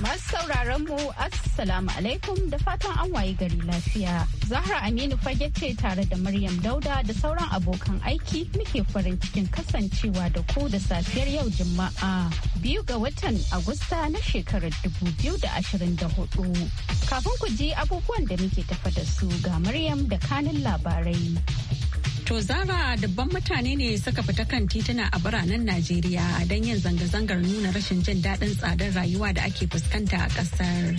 Masu sauraron mu Assalamu alaikum da fatan an waye gari lafiya. Zahra Aminu fage ce tare da Maryam Dauda da sauran abokan aiki muke farin cikin kasancewa da ku da safiyar yau Juma'a biyu ga watan Agusta na shekarar dubu biyu da da ashirin 2024. Kafin ku ji abubuwan da muke tafa da su ga Maryam da kanin labarai. To zara dubban mutane ne suka fita kan tituna a biranen Najeriya don yin zanga-zangar nuna rashin jin daɗin tsadar rayuwa da ake fuskanta a ƙasar.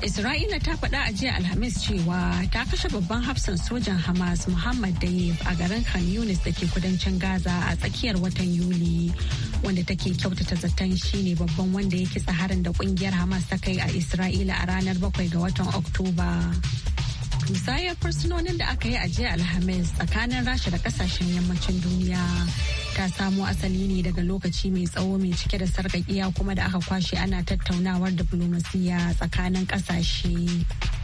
Isra'ila ta faɗa a jiya Alhamis cewa ta kashe babban hafsan sojan Hamas Muhammad Dayib a garin Khan Yunis da ke kudancin Gaza a tsakiyar watan Yuli wanda take kyautata zaton shi ne babban wanda ya kitsa harin da kungiyar Hamas ta kai a Isra'ila a ranar 7 ga watan Oktoba. musayar fursunonin da aka yi a jiya alhamis tsakanin rasha da kasashen yammacin duniya ta samo asali ne daga lokaci mai tsawo mai cike da sarkakiya kuma da aka kwashe ana tattaunawar diplomasiya tsakanin kasashe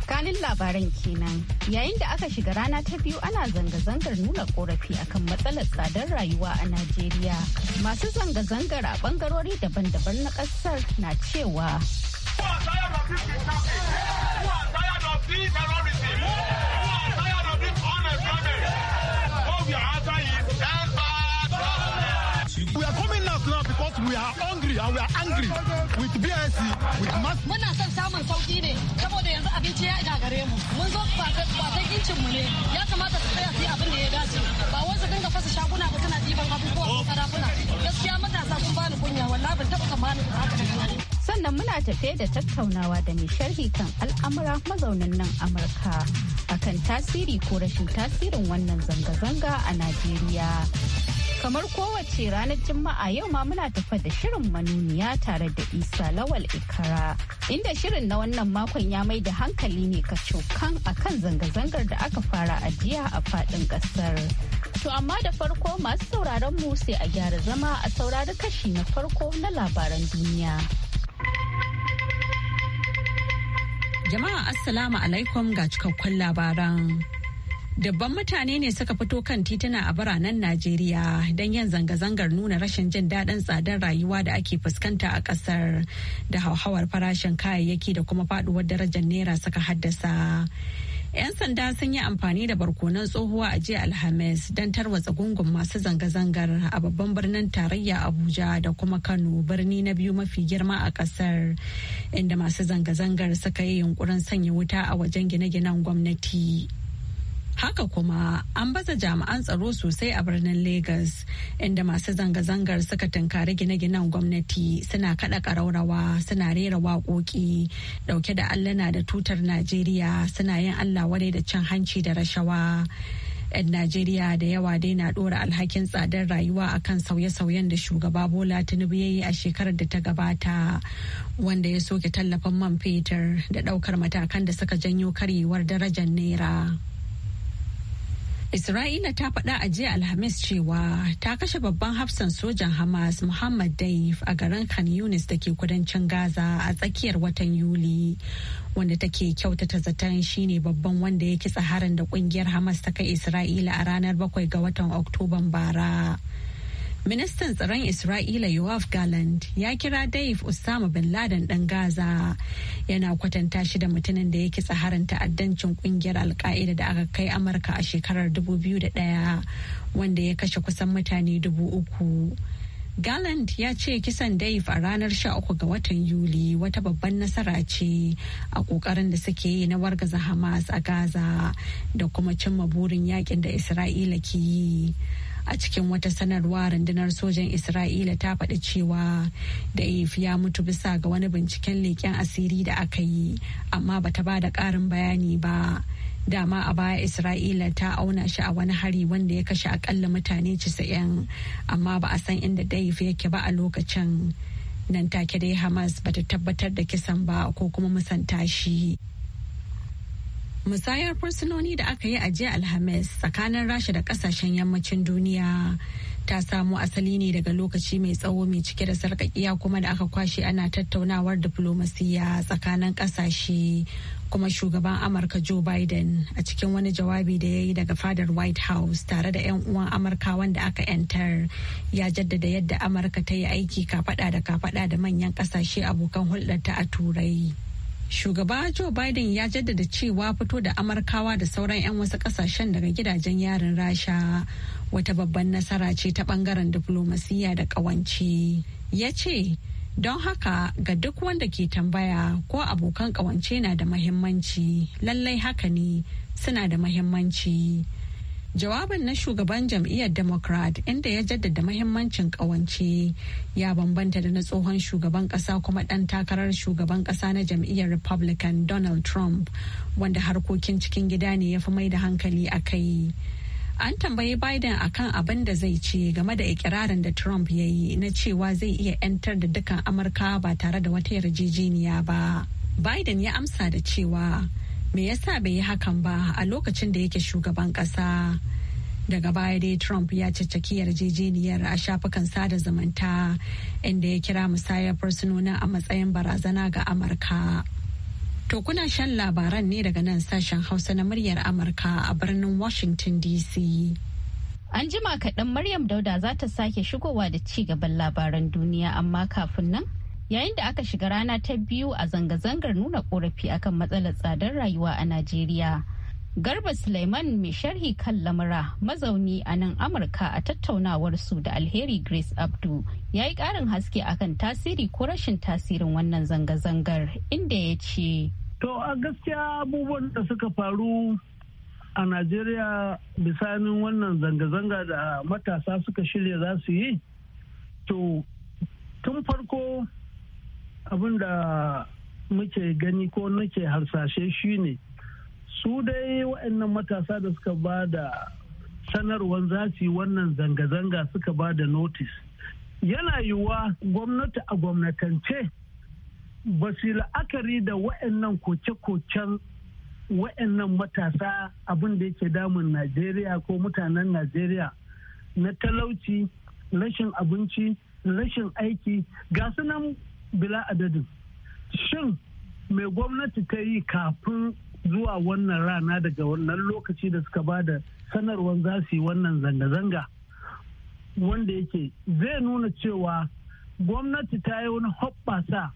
kanin labaran kenan yayin da aka shiga rana ta biyu ana zanga-zangar nuna korafi akan matsalar tsadar rayuwa a najeriya masu zanga-zangar a bangarori daban-daban na kasar na cewa see terrorism. Who are we are coming out now because we are hungry and we are angry with BSC, with mass. Muna son samun sauki ne saboda yanzu abinci ya gagare mu. Mun zo kwasan incin mu ne. Ya kamata su tsaya su yi abin da ya dace. Ba wai su dinga fasa shaguna ba suna ɗiban abubuwa ko karafuna. Gaskiya matasa sun bani kunya wallahi ban taɓa tsammanin haka da sannan muna tafe da tattaunawa da mai sharhi kan al'amura mazaunin nan amurka akan tasiri ko rashin tasirin wannan zanga-zanga a najeriya kamar kowace ranar juma'a yau ma muna tafa da shirin manuniya tare da isa lawal ikara inda shirin na wannan makon ya mai da hankali ne kacokan kan zanga-zangar da aka fara a jiya a fadin kasar to amma da farko masu sauraron mu sai a gyara zama a saurari kashi na farko na labaran duniya. Jama'a Assalamu alaikum ga cikakkun labaran. Dabban mutane ne suka fito kan tituna a biranen Najeriya don yin zanga-zangar nuna rashin jin daɗin tsadar rayuwa da ake fuskanta a ƙasar da hauhawar farashin kayayyaki da kuma faɗuwar darajar naira suka haddasa. 'Yan sanda sun yi amfani da barkonan tsohuwa a jiya Alhamis don tarwatsa gungun masu zanga-zangar a babban birnin tarayya Abuja da kuma Kano birni na biyu mafi girma a kasar inda masu zanga-zangar suka yi yunkurin sanya wuta a wajen gine-ginen gwamnati. Haka kuma an baza jami'an tsaro sosai a birnin Legas inda masu zanga-zangar suka tunkari gine-ginen gwamnati suna kada ƙaraurawa suna rera waƙoƙi dauke da allana da tutar Najeriya suna yin Allah wadai da cin hanci da rashawa. 'yan Najeriya da yawa dai na ɗora alhakin tsadar rayuwa a kan sauye-sauyen da shugaba Bola Tinubu ya yi a shekarar da ta gabata wanda ya soke tallafin man fetur da ɗaukar matakan da suka janyo karyewar darajar naira. Isra'ila ta faɗa a jiya Alhamis cewa ta kashe babban hafsan sojan Hamas Muhammad Daif a garin Khan Yunis da ke kudancin Gaza a tsakiyar watan Yuli wanda take kyautata zaton shine babban wanda ya kitsa harin da kungiyar Hamas ta kai Isra'ila a ranar bakwai ga watan Oktoban bara. Ministan tsaron Isra'ila Yoav galand ya kira Dave Osama bin Laden ɗan Gaza yana kwatanta shi da mutumin da ya kitsa harin ta'addancin kungiyar Alka'ida da aka kai Amurka a shekarar 2001 wanda ya kashe kusan mutane dubu uku. galand ya ce kisan daif a ranar 13 ga watan Yuli wata babban nasara ce a kokarin da suke yi na wargaza Hamas a Gaza da kuma cimma burin yakin da Isra'ila ke yi. a cikin wata sanarwa rundunar sojan isra'ila ta faɗi cewa da'if ya mutu bisa ga wani binciken leƙen asiri da aka yi amma bata ba da ƙarin bayani ba dama a baya isra'ila ta auna shi a wani hari wanda ya kashe akalla mutane 90 amma ba a san inda daif yake ba a lokacin nan take dai hamas bata tabbatar da kisan ba ko kuma musanta shi musayar fursunoni da aka yi a jiya alhamis tsakanin rasha da kasashen yammacin duniya ta samo asali ne daga lokaci mai tsawo mai cike da sarkakiya kuma da aka kwashe ana tattaunawar diflomasiyya tsakanin kasashe kuma shugaban amurka joe biden a cikin wani jawabi da ya yi daga fadar white house tare da 'yan uwan amurka wanda aka 'yantar ya jaddada yadda amurka ta yi aiki kafada da kafada da manyan kasashe abokan hulɗar ta a turai shugaba joe biden ya jaddada cewa fito da amurkawa da sauran 'yan wasu kasashen daga gidajen yarin rasha wata babban nasara ce ta bangaren diflomasiyya da kawance ya ce don haka ga duk wanda ke tambaya ko abokan kawance na da mahimmanci lallai haka ne suna da mahimmanci. Jawabin na shugaban jam'iyyar Democrat inda ya jaddada mahimmancin kawance ya bambanta da na tsohon shugaban kasa kuma ɗan takarar shugaban kasa na jam'iyyar Republican Donald Trump wanda harkokin cikin gida ne ya fi mai da hankali a kai. An tambayi Biden akan abin da zai ce game da ikirarin da Trump ya yi na cewa zai iya 'yantar da dukkan Amurka ba tare da wata yarjejeniya ba. Biden ya amsa da cewa. me yasa bai yi hakan ba a lokacin da yake shugaban kasa? daga baya dai trump ya caccaki yarjejeniyar a shafukan sada zumunta inda ya kira musayar fursunonin a matsayin barazana ga amurka to kuna shan labaran ne daga nan sashen hausa na muryar amurka a birnin washington dc an jima kaɗan maryam dauda za ta sake shigowa da ci gaban labaran duniya amma kafin nan yayin da aka shiga rana ta biyu a zanga-zangar nuna korafi akan matsalar tsadar rayuwa a najeriya garba sulaiman mai sharhi kan lamura mazauni a nan amurka a tattaunawar su da alheri grace abdu ya yi karin haske akan tasiri ko rashin tasirin wannan zanga-zangar inda ya ce to a gaskiya abubuwan da suka faru a najeriya bisanin wannan zanga-zanga da matasa suka shirya za su yi to tun farko abin da muke gani ko nake harsashe shine su dai wa'annan matasa da suka ba da sanarwar za yi wannan zanga-zanga suka ba da notis yana yiwuwa gwamnati a gwamnatance ba su la'akari da wa'annan koke-koken waɗannan matasa abin da yake damun najeriya ko mutanen najeriya na talauci rashin abinci rashin aiki ga su nan bila adadin shin mai gwamnati ta yi kafin zuwa wannan rana daga wannan lokaci da suka ba da sanarwar za su yi wannan zanga-zanga wanda yake zai nuna cewa gwamnati ta yi wani hoɓɓasa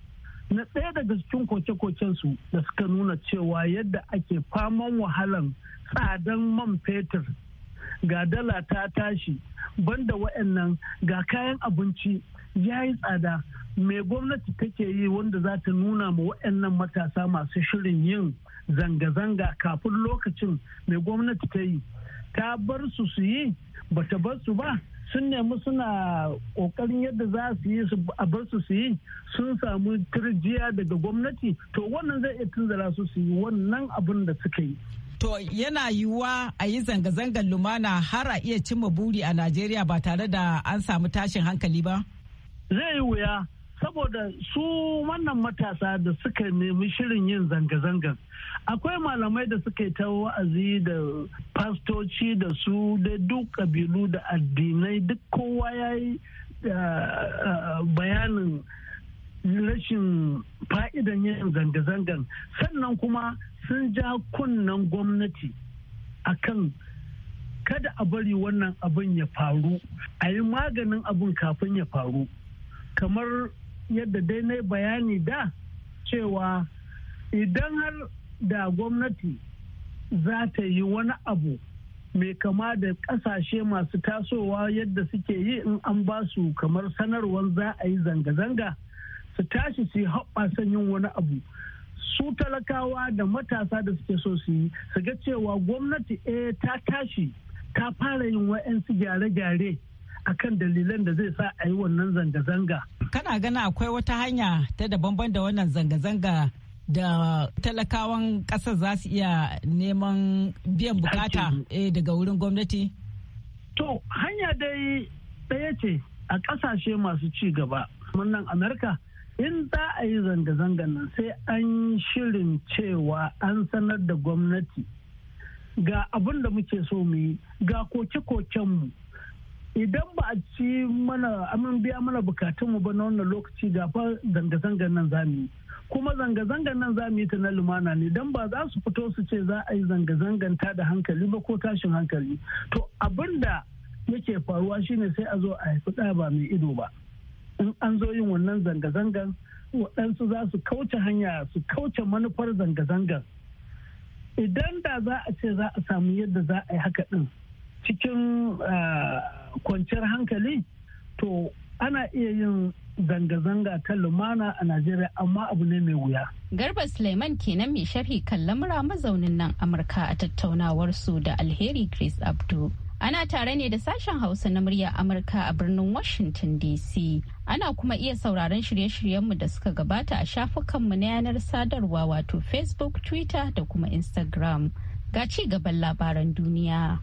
na ɗaya daga cikin koke-kokensu da suka nuna cewa yadda ake faman wahalan tsadan man fetur ga dala ta tashi banda wa'annan ga kayan abinci ya yi tsada me gwamnati take yi wanda za ta nuna ma waɗannan matasa masu shirin yin zanga-zanga kafin lokacin me gwamnati ta yi ta bar su su yi ba ta bar su ba sun nemi suna kokarin yadda za su yi a bar su su yi sun samu turjiya daga gwamnati to wannan zai iya tunzara su su yi wannan abin da suka yi to yana yiwuwa a yi zanga-zangar lumana har a iya cimma buri a najeriya ba tare da an samu tashin hankali ba zai yi wuya saboda su wannan matasa da suka nemi shirin yin zanga-zangan akwai malamai da suka yi ta wa'azi da fastoci da su da duk kabilu da addinai duk kowa ya yi eh, eh, bayanin rashin fa'idan yin zanga-zangan sannan kuma sun ja kunnan gwamnati akan kada a bari wannan abin ya faru a yi maganin abin kafin ya faru kamar yadda dai na bayani da cewa idan har da gwamnati za ta yi wani abu mai kama da kasashe masu tasowa yadda suke yi in an ba su kamar sanarwar za a yi zanga-zanga su tashi su yi haɓɓasan yin wani abu su talakawa da matasa da suke so su yi su ga cewa gwamnati eh, ta tashi ta fara yin wa'yansu gyare-gyare akan dalilan da zai sa a yi wannan zanga-zanga. Kana gana akwai wata hanya ta daban-ban da wannan zanga-zanga da talakawan ƙasar za su iya neman biyan bukata eh, daga wurin gwamnati? To, hanya dai ɗaya ce a ƙasashe masu ci gaba. Wannan Amurka, in za a yi zanga-zangan nan sai an shirin cewa an sanar da gwamnati ga abin da muke so mu yi ga koke koken mu. idan ba a ci mana amin biya mana bukatunmu ba na wannan lokaci gafa zanga-zangar nan zamu yi kuma zanga-zangar nan zamu yi ta na lumana ne dan ba za su fito su ce za a yi zanga-zangar ta da hankali ba ko tashin hankali to abin da yake faruwa shine sai a zo a haifi ɗa ba mai ido ba in an zo yin wannan zanga-zangar waɗansu za su kauce hanya su kauce manufar zanga-zangar idan da za a ce za a samu yadda za a yi haka ɗin cikin ah, kwanciyar hankali to ana iya yin zanga-zanga ta lumana a Najeriya amma abu ne mai wuya. Garba Suleiman kenan mai sharhi kan lamura mazaunin nan Amurka a tattaunawar su da Alheri Grace Abdu. Ana tare ne da sashen Hausa na murya Amurka a birnin Washington DC. Ana kuma iya sauraron shirye-shiryenmu da suka gabata a shafukanmu na yanar sadarwa wato Facebook, Twitter da kuma Instagram. Ga ci gaban labaran duniya.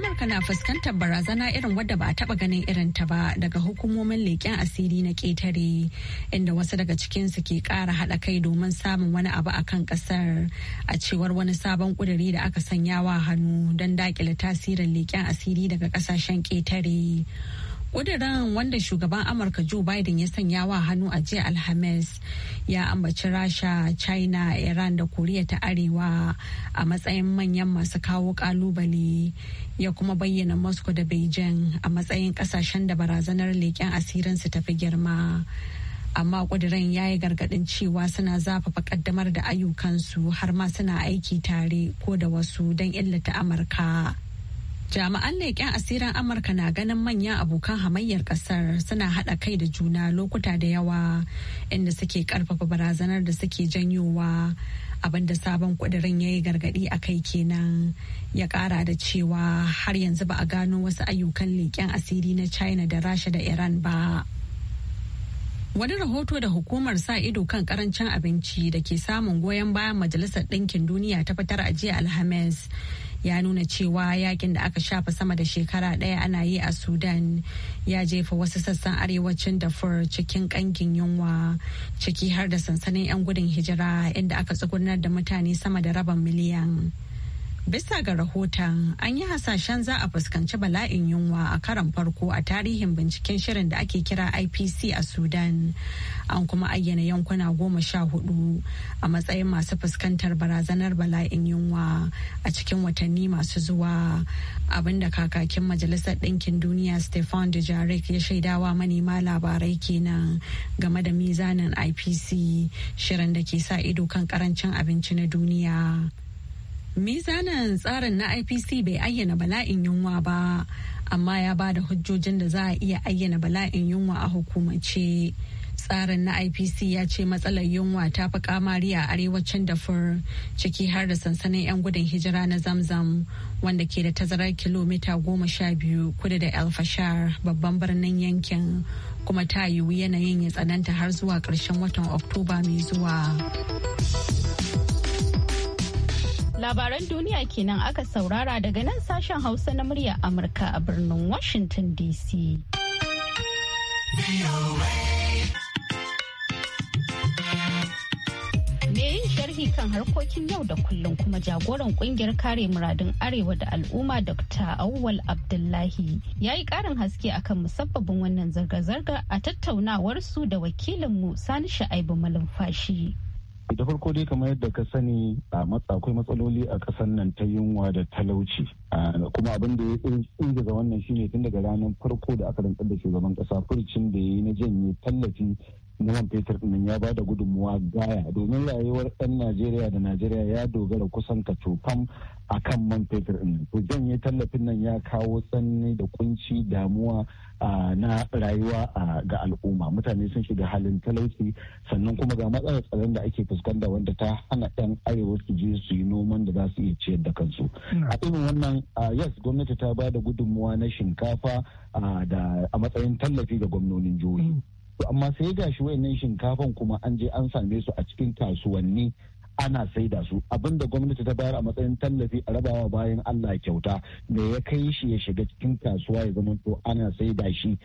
Amurka na fuskantar barazana irin wadda ba a taba ganin irin ta ba daga hukumomin leƙen asiri na ƙetare inda wasu daga cikinsu ke ƙara haɗa kai domin samun wani abu a kan ƙasar a cewar wani sabon ƙuduri da aka sanya wa hannu don daƙile tasirin leƙen asiri daga ƙasashen ƙetare. ƙudirin wanda shugaban amurka joe biden ya sanya wa hannu a jiya alhamis ya ambaci rasha china iran da koriya ta arewa a matsayin manyan masu kawo kalubale ya kuma bayyana moscow da beijing a matsayin kasashen da barazanar leƙen asirinsu tafi girma amma ƙudirin ya yi gargaɗin cewa suna zafafa ƙaddamar da ayyukansu har ma suna aiki tare ko da wasu don illata amurka Jami'an leƙen asirin Amurka na ganin manyan abokan hamayyar ƙasar suna haɗa kai da juna lokuta da yawa inda suke ƙarfafa barazanar da suke janyowa abinda sabon ƙudirin ya yi gargaɗi a kai kenan ya ƙara da cewa har yanzu ba a gano wasu ayyukan leƙen asiri na China da Rasha da Iran ba. Wani rahoto da hukumar sa ido kan karancin abinci da ke samun goyon bayan Majalisar Ɗinkin Duniya ta fitar a jiya Alhamis ya nuna cewa yakin da aka shafa sama da shekara ɗaya ana yi a sudan ya jefa wasu sassan arewacin dafur cikin ƙangin yunwa ciki har da sansanin 'yan gudun hijira inda aka tsugunar da mutane sama da rabin miliyan. Bisa ga rahoton an yi hasashen za a fuskanci bala'in yunwa a karon farko a tarihin binciken shirin da ake kira IPC a Sudan. An kuma ayyana yankuna goma sha hudu a matsayin masu fuskantar barazanar bala'in yunwa a cikin watanni masu zuwa. Abinda kakakin Majalisar Ɗinkin Duniya Stefan Dujarric ya shaidawa manema labarai kenan game da mizanin IPC shirin da ke sa ido kan karancin abinci na duniya. mizanin tsarin na ipc bai ayyana bala'in yunwa ba amma ya ba da hujjojin da za a iya ayyana bala'in yunwa a hukumance tsarin na ipc ya ce matsalar yunwa ta fi kamari a arewacin dafur ciki har da sansanin 'yan gudun hijira na zamzam wanda ke da tazarar kilomita goma sha biyu kudu da alfashar babban birnin yankin kuma ta yiwu yanayin ya tsananta har zuwa ƙarshen watan oktoba mai zuwa. Labaran duniya kenan aka saurara daga nan sashen Hausa na murya Amurka a birnin Washington DC. sharhi kan harkokin yau da kullum kuma jagoran kungiyar kare muradun arewa da al'umma dr auwal abdullahi ya yi karin haske akan musabbabin wannan zarga-zarga a tattaunawarsu da wakilinmu sani sha'ibu malumfashi da farko dai kamar yadda ka sani a akwai matsaloli a ƙasar nan ta yunwa da talauci kuma abin da ya ga wannan shine tun daga ranar farko da aka rantsar da shugaban ƙasa furcin da ya yi na janye tallafi na Peter fetur nan ya bada gudunmuwa gaya domin rayuwar yan najeriya da najeriya ya dogara kusan kacofam a kan man fetur ɗin to yi tallafin nan ya kawo tsanani da kunci damuwa na rayuwa ga al'umma mutane sun shiga halin talauci sannan kuma ga matsalar tsaron da ake fuskanta wanda ta hana yan arewa su je su yi noman da za su iya ciyar da kansu a irin wannan yes gwamnati ta ba da gudunmuwa na shinkafa da a matsayin tallafi ga gwamnonin jihohi mm. amma sai gashi wayannan shinkafan kuma an je an same su a cikin kasuwanni ana saida su abinda gwamnati ta bayar a matsayin tallafi a rabawa bayan Allah kyauta me ya kai shi ya shiga cikin kasuwa ya zama to ana saida shi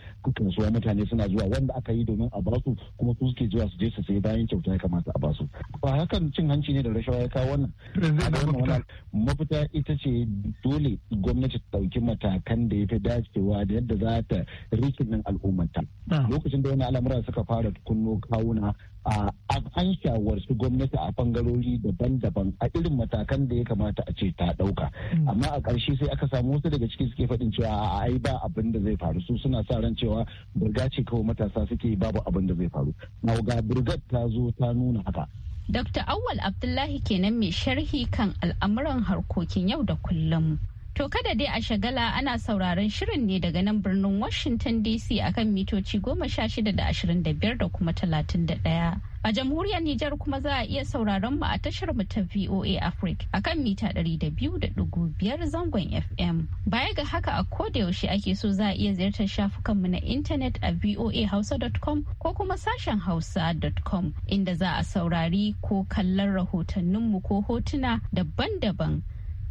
suwa mutane suna zuwa wanda aka yi domin a basu kuma su suke zuwa su je su sayi bayan kyauta ya kamata a basu ba hakan cin hanci ne da rashawa ya kawo wannan mafita ita ce dole gwamnati ta dauki matakan da ya fi dacewa da yadda za ta rikin nan al'ummata ah. lokacin da wani al'amura suka fara kunno kawuna an shawarci gwamnati a bangarori daban-daban a irin matakan da ya kamata a ce ta dauka hmm. amma a ƙarshe sai aka samu wasu daga ciki suke faɗin cewa a ai ba abin da zai faru su suna sa ran cewa burga ce kawai matasa suke babu abin da zai faru na ga burgar ta zo ta nuna haka Dr. Awal Abdullahi kenan mai sharhi kan al'amuran harkokin yau da kullum. To kada dai a shagala ana sauraron shirin ne daga nan birnin Washington DC akan mitoci goma sha shida da ashirin da biyar da kuma talatin da ɗaya. A jamhuriyar Nijar kuma za a iya sauraron mu a tashar mu ta VOA Africa akan mita ɗari da biyu da ɗigo biyar zangon FM. Baya ga haka a koda yaushe ake so za a iya ziyartar shafukan mu na intanet a voahausa.com ko kuma sashen hausa.com inda za a saurari ko kallon rahotanninmu ko hotuna daban-daban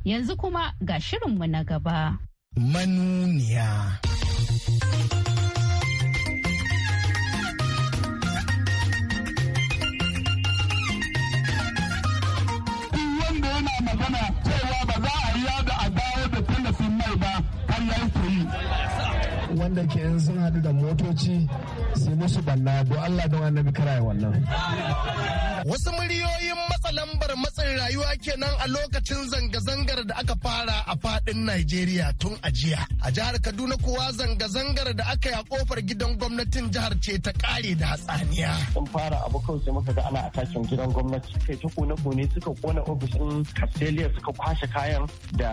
Yanzu kuma ga shirinmu na gaba. Manuniya. magana cewa a a da ba Wanda ke in sun haɗu da motoci sai musu banna don Allah don annabi karaya wannan. Wasu muryoyin lambar matsin rayuwa kenan a lokacin zanga-zangar da aka fara a fadin Najeriya tun a jiya. A jihar Kaduna kuwa zanga-zangar da aka yi a kofar gidan gwamnatin jihar ce ta kare da hatsaniya. Sun fara abu kawai sai muka ga ana a atakin gidan gwamnati kai ta kone-kone suka kona ofishin Castelia suka kwashe kayan da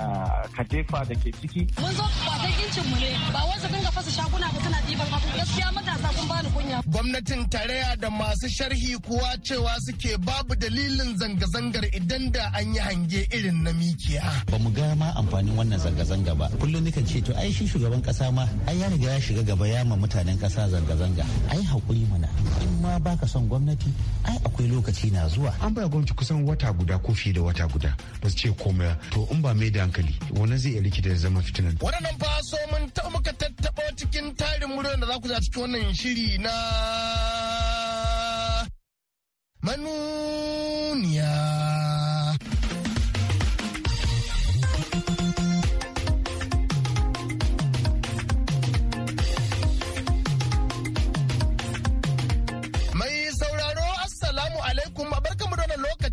katefa da ke ciki. Mun zo kwasan incin mu ne ba wai su dinga fasa shaguna ba suna ɗiban abu gaskiya matasa kun bani kunya. Gwamnatin tarayya da masu sharhi kuwa cewa suke babu dalilin zanga zanga-zangar idan da an yi hange irin na mikiya. Ba mu ga ma amfanin wannan zanga-zanga ba. Kullum nikan ce to ai shi shugaban kasa ma ai ya riga ya shiga gaba ya ma mutanen kasa zanga-zanga. Ai hakuri mana in ma baka son gwamnati ai akwai lokaci na zuwa. An baya gwamnati kusan wata guda ko fiye da wata guda ba su ce komai to in ba mai da hankali wannan zai iya riki da zama fitinan. Waɗannan ba so mun ta muka tattaba cikin tarin muryar da za ku za cikin wannan shiri na manuniya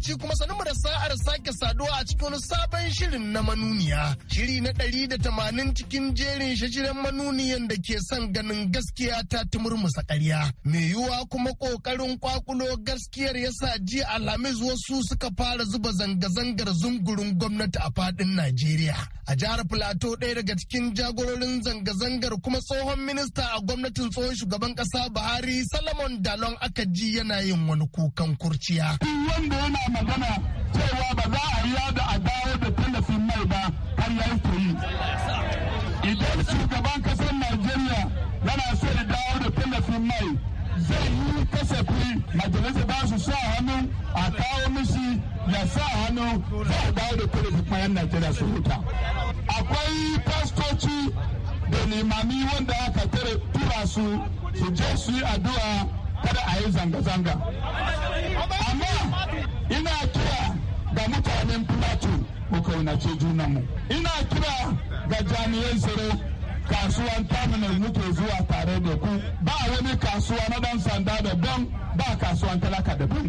lokaci kuma sanin mu da sa'ar sake saduwa a cikin wani sabon shirin na manuniya. Shiri na ɗari da tamanin cikin jerin shashiren manuniyan da ke son ganin gaskiya ta tumurmusa ƙarya. Mai yiwuwa kuma ƙoƙarin kwakulo gaskiyar ya sa ji Alhamis wasu suka fara zuba zanga-zangar zungurin gwamnati a faɗin Najeriya. A jihar Filato ɗaya daga cikin jagororin zanga-zangar kuma tsohon minista a gwamnatin tsohon shugaban ƙasa Buhari Salomon Dalon aka ji yana yin wani kukan kurciya. Wanda yana magana cewa ba za a yi da a dawo da tallafin mai ba har ya yi idan shugaban kasar najeriya yana so ya dawo da tallafin mai zai yi kasafi majalisa ba su sa hannu a kawo mishi ya sa hannu za a dawo da tallafin mayan najeriya su huta akwai fastoci da limami wanda aka tura su su je su yi addu'a kada a yi zanga-zanga ina kira ga mutanen plato mu kaunace junanmu ina kira ga jami'an tsaro kasuwan terminal muke zuwa tare da ku ba wani kasuwa na dan sanda da ban ba kasuwan talaka da ban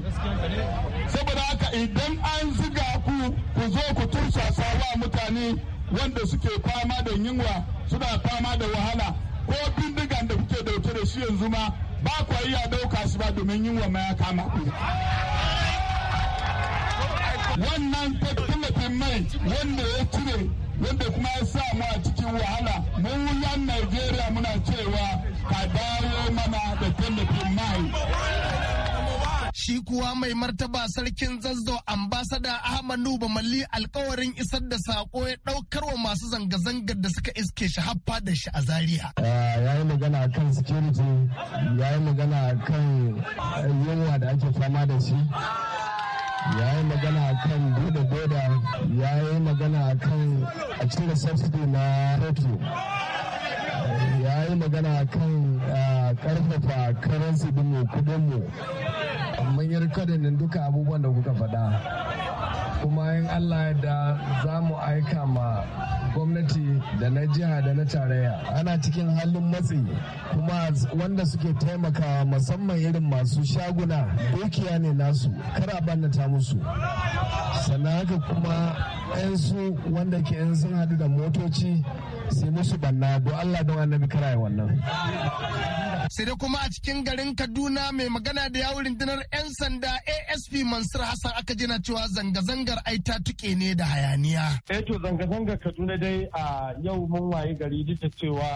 saboda haka idan an ziga ku ku zo ku tursasa wa mutane wanda suke fama da yunwa suna fama da wahala ko bindigan da kuke dauke da shi yanzu ma ba ku iya dauka shi ba domin yinwa ma ya kama ku wannan tallafin mai wanda ya cire wanda kuma ya sa mu a cikin wahala mu yan Najeriya muna cewa ka dawo mana da tallafin mai. shi kuwa mai martaba sarkin zazzau ambasada ahmad nuba malli alkawarin isar da sako ya daukar wa masu zanga-zangar da suka iske shi haffa da shi a zariya. Ah, ya yi magana kan security ya yi magana kan yunwa da ake fama da shi ya yi magana kan buɗe boda ya yi magana kan a cire subsidy na petro ya yi magana kan karfafa karansu dinmu kudinmu mun yi duka abubuwan da kuka faɗa kuma yin allah da za mu aika ma gwamnati da na jiha da na tarayya ana cikin halin matsi kuma wanda suke taimakawa musamman irin masu shaguna dukiya ne nasu kar a musu sannan haka kuma 'yan su wanda ke 'yan sun hadu da motoci sai musu banna don Allah don annabi karaye wannan. Sai dai kuma a cikin garin Kaduna mai magana da yawon rundunar 'yan sanda ASP Mansur Hassan aka jina cewa zanga-zangar ai ta tuke ne da hayaniya. Eh to zanga-zangar Kaduna dai a yau mun waye gari duk da cewa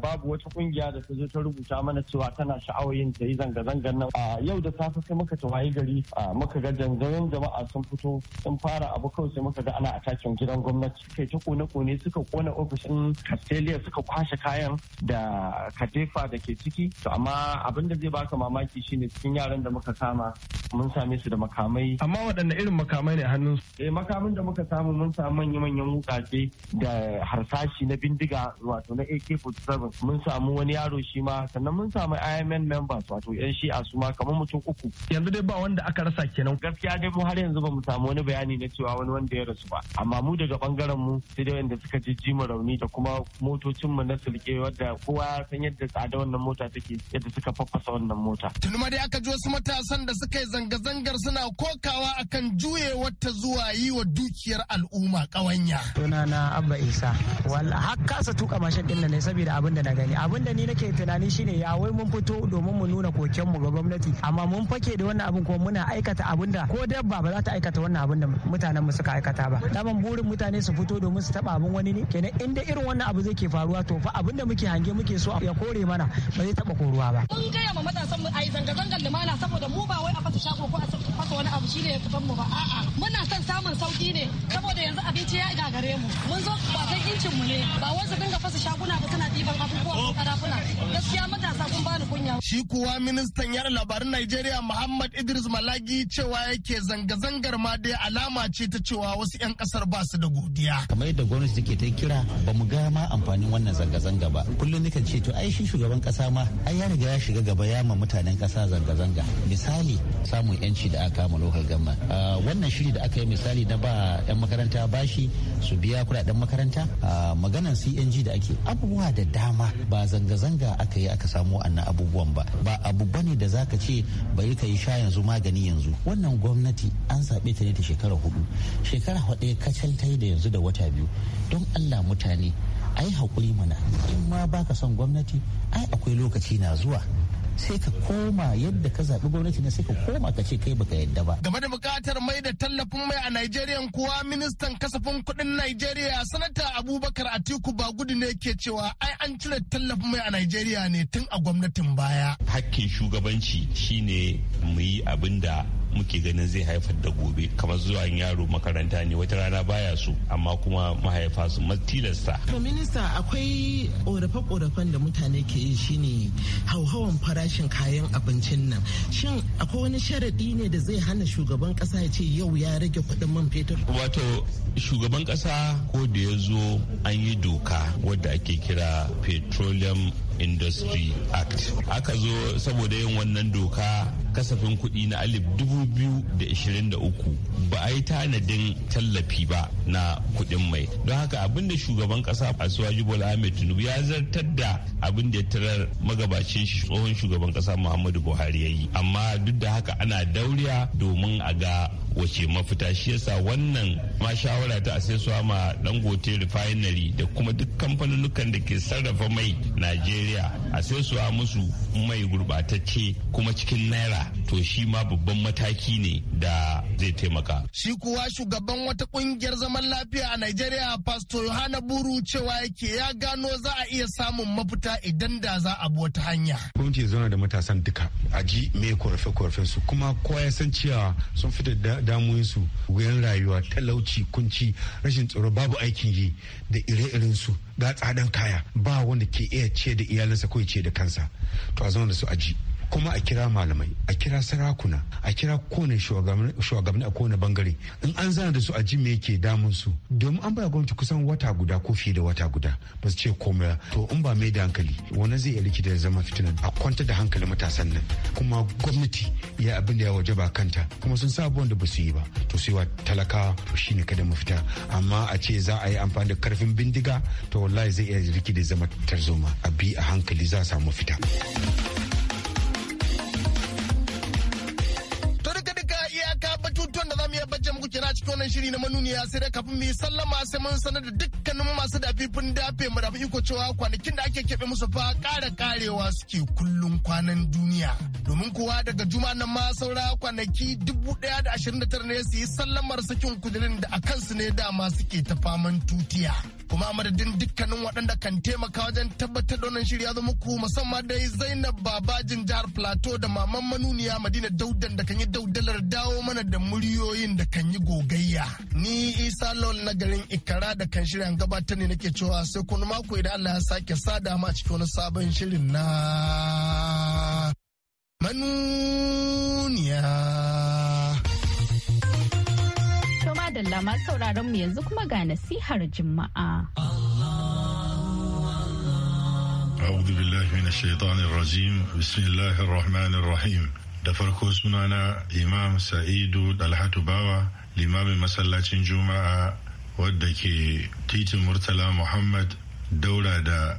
babu wata kungiya da ta zo ta rubuta mana cewa tana sha'awar yin ta yi zanga-zangar nan. Yau da safe sai muka ta waye gari muka ga zanga-zangar jama'a sun fito sun fara abu kawai sai muka ga ana atakin gidan gwamnati kai ta kone-kone suka kona ofishin 'yan suka kwashe kayan da katefa da ke ciki to amma abin da zai baka mamaki shine cikin yaran da muka kama mun same su da makamai amma waɗanne irin makamai ne hannun su eh makamin da muka samu mun samu manya-manyan wukace da harsashi na bindiga wato na AK47 mun samu wani yaro shi ma sannan mun samu IMN members wato yan shi'a su ma kamar mutum uku yanzu dai ba wanda aka rasa kenan gaskiya dai mu har yanzu ba mu samu wani bayani na cewa wani wanda ya rasu ba amma mu daga bangaren mu sai dai wanda suka ji jima rauni da kuma motocin mu na sulke wadda kowa ya san yadda tsada wannan mota take yadda suka faffasa wannan mota. ma dai aka ji wasu matasan da suka yi zanga-zangar suna kokawa akan juye wata zuwa yi wa dukiyar al'umma ƙawanya. na Abba Isa. Walla har kasa tuka mashin din ne saboda abin da na gani. Abin da ni nake tunani shine ya wai mun fito domin mu nuna mu ga gwamnati amma mun fake da wannan abin kuma muna aikata abin da ko dabba ba za ta aikata wannan abin da mutanen mu suka aikata ba. Daman burin mutane su fito domin su taba abin wani ne kenan inda irin irin wannan abu zai ke faruwa to fa abin da muke hange muke so ya kore mana ba zai taba koruwa ba mun gaya ma matasan mu ai zanga zangar lumana saboda mu ba wai a fasa shago ko a fasa wani abu shine ya fitan mu ba a'a muna son samun sauki ne saboda yanzu abinci ya gagare mu mun zo ba san incin mu ne ba wai su dinga fasa shaguna ba suna diban abubuwa ko karafuna gaskiya matasa kun bani kunya shi kuwa ministan yar labarin Najeriya Muhammad Idris Malagi cewa yake zanga zangar ma dai alama ce ta cewa wasu 'yan kasar ba su da godiya kamar yadda gwamnati take ta kira ba mu mu ga ma amfanin wannan zanga-zanga ba kullum kan ce to ai shi shugaban kasa ma ai ya riga ya shiga gaba ya ma mutanen kasa zanga-zanga misali samun yanci da aka kama local government ah, wannan shiri da aka yi misali na ba yan makaranta bashi su biya kudaden makaranta ah, maganan CNG da ake abubuwa da dama ba zanga-zanga aka yi aka samu annan abubuwan ba ba abu bane da zaka ce bari ka yi sha yanzu magani yanzu wannan gwamnati an zaɓe ta ne ta shekara hudu shekara hudu kacal ta yi da yanzu da wata biyu don Allah mutane ai hakuri mana in ma baka son gwamnati ai akwai lokaci na zuwa sai ka koma yadda ka zaɓi gwamnati ne sai ka koma ka ce kai baka yadda ba. Game da buƙatar mai da tallafin mai a Najeriya kuwa ministan kasafin kuɗin Najeriya sanata Abubakar Atiku ba gudu ne ke cewa ai an cire tallafin mai a Najeriya ne tun a gwamnatin baya. Hakkin shugabanci shine mu yi abin da muke ganin zai haifar da gobe kamar zuwa yaro makaranta ne wata rana baya so amma kuma mahaifa su tilasta. to minista akwai korafe-korafen da mutane ke yi shine hauhawan farashin kayan abincin nan shin akwai wani sharaɗi ne da zai hana shugaban kasa ya ce yau ya rage kuɗin man fetur. wato shugaban ƙasa ko da ya zo an yi doka wadda ake kira petroleum industry act aka zo saboda yin wannan doka kasafin kuɗi na alif dubu biyu da ishirin da uku ba a yi tanadin tallafi ba na kuɗin mai don haka abin da shugaban ƙasa suwaji bola ahmed tinubu ya zartar da abin da ya tarar magabacin shi tsohon shugaban ƙasa muhammadu buhari ya yi amma duk da haka ana dauriya domin a ga wace mafita shi yasa wannan ma shawara ta asesuwa ma dangote refinery da kuma duk kamfanonukan da ke sarrafa mai najeriya asesuwa musu mai gurbatacce kuma cikin naira to shi ma babban mataki ne da zai taimaka. Shi kuwa shugaban wata kungiyar zaman lafiya a Najeriya Pastor Yohana Buru cewa yake ya gano za a iya samun mafita idan da za a bi wata hanya. Gwamnati zauna da matasan duka a ji me korafe-korafen su kuma kowa ya san cewa sun fita damuwin su wuyan rayuwa talauci kunci rashin tsaro babu aikin yi da ire-iren su ga tsadan kaya ba wanda ke iya ce da iyalinsa ko ya ce da kansa to a zauna da su a ji. kuma a kira malamai a kira sarakuna a kira kowane shugabanni a kowane bangare in an zana da su a ji me yake damun su domin an baya gwamnati kusan wata guda ko fiye da wata guda ba su ce komai to in ba mai da hankali wani zai iya rikida zama fitinan a kwanta da hankali matasan nan kuma gwamnati ya abin da ya waje ba kanta kuma sun sa abubuwan da ba su yi ba to su yi wa talaka to shi ne kada mu fita amma a ce za a yi amfani da karfin bindiga to wallahi zai iya rikida zama tarzoma a bi a hankali za a samu fita. ya bace muku kira cikin wannan shiri na manuniya sai dai kafin mu yi sallama sai mun sanar da dukkanin masu dafifin dafe mu dafi iko cewa kwanakin da ake keɓe musu fa ƙara ƙarewa suke kullum kwanan duniya. Domin kuwa daga juma nan ma saura kwanaki dubu ɗaya da ashirin da tara ne su yi sallamar sakin kudirin da a kansu ne dama suke ta faman tutiya. Kuma madadin dukkanin waɗanda kan taimaka wajen tabbatar da wannan shiri ya zama muku musamman dai Zainab Babajin jihar Plateau da maman manuniya Madina Daudan da kan yi daudalar dawo mana da muryoyin abin da kan yi gogayya ni isa lon na garin ikara da kan shirya gabatar ne nake cewa sai kuma mako idan allah ya sake sada ma cikin wani sabon shirin na manuniya toma da lama sauraron mu yanzu kuma ga nasihar juma'a أعوذ بالله من الشيطان الرجيم بسم الله الرحمن الرحيم da farko sunana imam sa'idu dalhatu bawa limamin masallacin juma'a wadda ke titin murtala muhammad daura da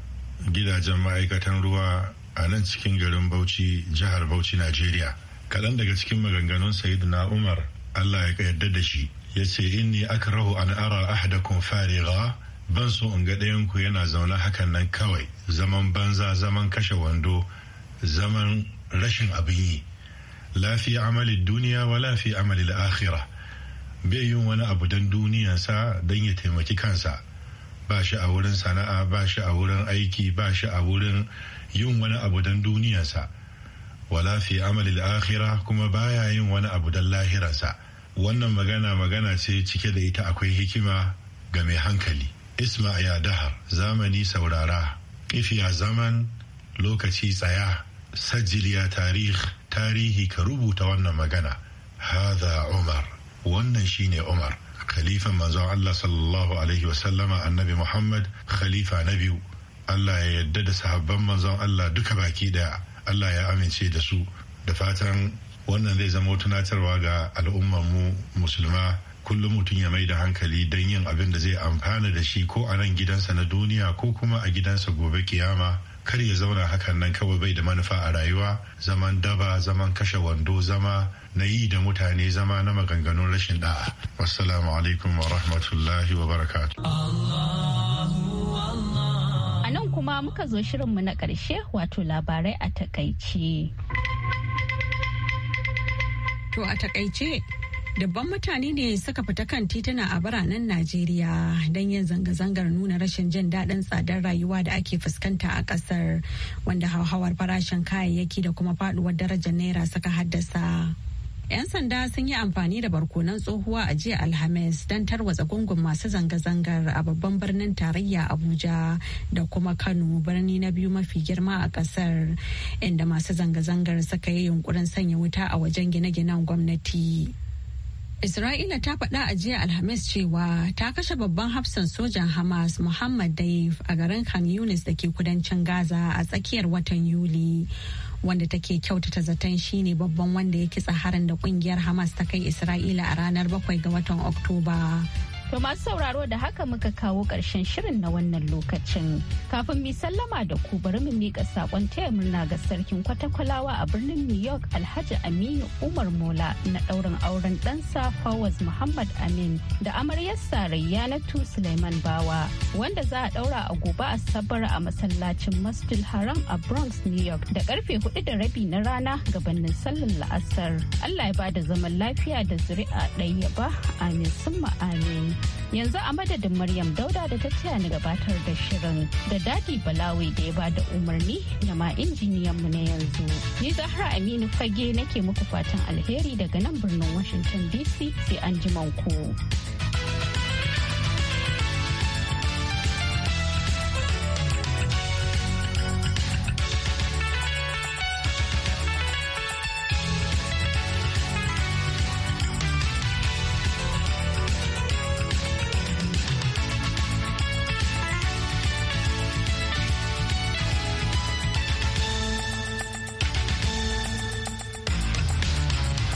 gidajen ma'aikatan ruwa a nan cikin garin bauchi jihar bauchi najeriya kaɗan daga cikin maganganun na umar allah ya yarda da shi ya ce inni rahu an ara ahadakum fariga ban so in ga ɗayanku yana zaune hakan nan kawai zaman banza zaman kashe wando zaman rashin abin yi lafi amalin duniya wa lafi amalin akhira bai yin wani abu don duniyansa don ya taimaki kansa ba shi a wurin sana'a ba shi a wurin aiki ba shi a wurin yin wani abu don duniyansa wala fi amalin akhira kuma baya yin wani abu don lahirarsa wannan magana magana ce cike da ita akwai hikima ga mai hankali isma ya dahar zamani saurara ƙifiya zaman lokaci tsaya sajiliya tarih tarihi ka rubuta wannan magana hadha umar wannan shine umar khalifan manzon Allah sallallahu alaihi wasallama annabi Muhammad khalifa na biyu Allah ya yadda da sahabban manzon Allah duka baki daya Allah ya amince da su da fatan wannan zai zama tunatarwa ga al'ummar mu musulma kullum mutum ya mai da hankali don yin abin da zai amfana da shi ko a nan gidansa na duniya ko kuma a gidansa gobe kiyama kar ya zauna hakan nan kawai bai da manufa a rayuwa zaman daba zaman kashe wando zama na yi da mutane zama na maganganun rashin da'a wassalamu alaikum wa rahmatullahi wa a nan kuma muka zo shirinmu na ƙarshe wato labarai a takaice to a takaice Dabban mutane ne suka fita kan tituna a biranen Najeriya don yin zanga-zangar nuna rashin jin daɗin tsadar rayuwa da ake fuskanta a ƙasar wanda hauhawar farashin kayayyaki da kuma faɗuwar darajar naira suka haddasa. 'Yan sanda sun yi amfani da barkonan tsohuwa a jiya Alhamis don tarwatsa gungun masu zanga-zangar a babban birnin tarayya Abuja da kuma Kano birni na biyu mafi girma a ƙasar. inda masu zanga-zangar suka yi yunkurin sanya wuta a wajen gine-ginen gwamnati. Isra'ila ta faɗa a jiya Alhamis cewa ta kashe babban hafsan sojan Hamas Muhammad Daif a garin Khan Yunis da ke kudancin Gaza a tsakiyar watan Yuli. Wanda take kyautata zaton shi ne babban wanda ya kitsa harin da kungiyar Hamas ta kai Isra'ila a ranar bakwai ga watan Oktoba. To masu sauraro da haka muka kawo ƙarshen shirin na wannan lokacin. Kafin mi sallama da ku bari mu miƙa saƙon taya murna ga sarkin kwatakwalawa a birnin New York Alhaji Aminu Umar Mola na ɗaurin auren ɗansa Fawaz Muhammad Amin da amaryarsa Rayyanatu Suleiman Bawa wanda za a ɗaura a gobe asabar a masallacin Masjid Haram a Bronx, New York da karfe hudu da rabi na rana gabanin sallar la'asar. Allah ya bada zaman lafiya da zuri'a ba amin summa amin. yanzu a madadin maryam dauda da ta taya ni gabatar da shirin da dadi balawi da ya ba da umarni da ma injiniyan mu na yanzu ni zahra aminu fage nake muku fatan alheri daga nan birnin washington dc sai an ku.